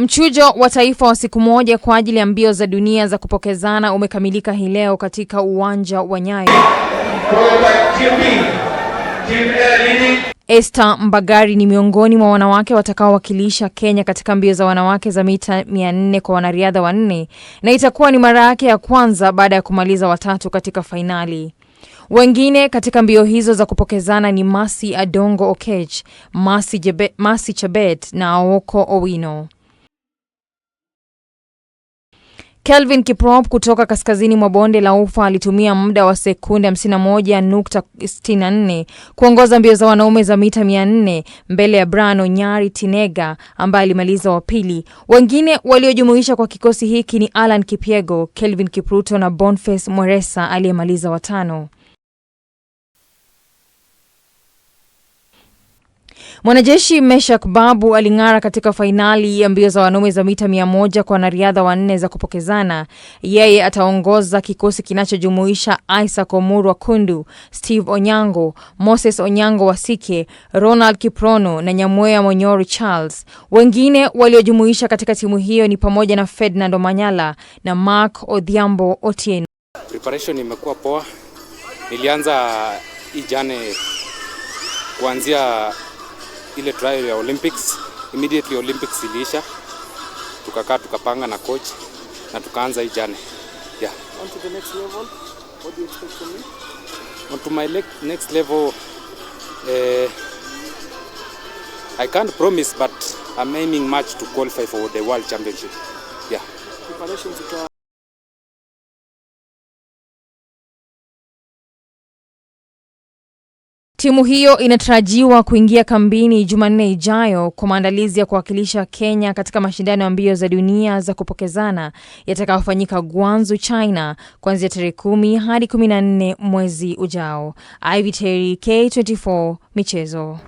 Mchujo wa taifa wa siku moja kwa ajili ya mbio za dunia za kupokezana umekamilika hii leo katika uwanja wa Nyayo. Esther Mbagari ni miongoni mwa wanawake watakaowakilisha Kenya katika mbio za wanawake za mita 400 kwa wanariadha wanne na itakuwa ni mara yake ya kwanza baada ya kumaliza watatu katika fainali. Wengine katika mbio hizo za kupokezana ni Masi Adongo Okech, Masi Chebet na Aoko Owino. Kelvin Kiprop kutoka kaskazini mwa bonde la Ufa alitumia muda wa sekunde 51.64 kuongoza mbio za wanaume za mita 400 mbele ya Brian Onyari Tinega ambaye alimaliza wa pili. Wengine waliojumuisha kwa kikosi hiki ni Alan Kipyego, Kelvin Kipruto na Boniface Mweresa aliyemaliza watano. Mwanajeshi Meshak Babu aling'ara katika fainali ya mbio za wanaume za mita mia moja kwa wanariadha wanne za kupokezana. Yeye ataongoza kikosi kinachojumuisha Isaac Omuru wa Kundu, Steve Onyango, Moses Onyango Wasike, Ronald Kiprono na Nyamwea Monyori Charles. Wengine waliojumuisha katika timu hiyo ni pamoja na Ferdinand Omanyala na Mark Odhiambo Otieno. Preparation imekuwa poa, nilianza ijane kuanzia ile trial ya Olympics. Immediately Olympics iliisha, tukakaa tukapanga na coach na tukaanza hii jana. Yeah. On to the next level, what do you expect from me? On to my next level, eh, I can't promise but I'm aiming much to qualify for the World Championship. Yeah. Preparations Timu hiyo inatarajiwa kuingia kambini Jumanne ijayo kwa maandalizi ya kuwakilisha Kenya katika mashindano ya mbio za dunia za kupokezana yatakayofanyika Guangzhou, China kuanzia tarehe kumi hadi kumi na nne mwezi ujao. Ivy Terry, K24 Michezo.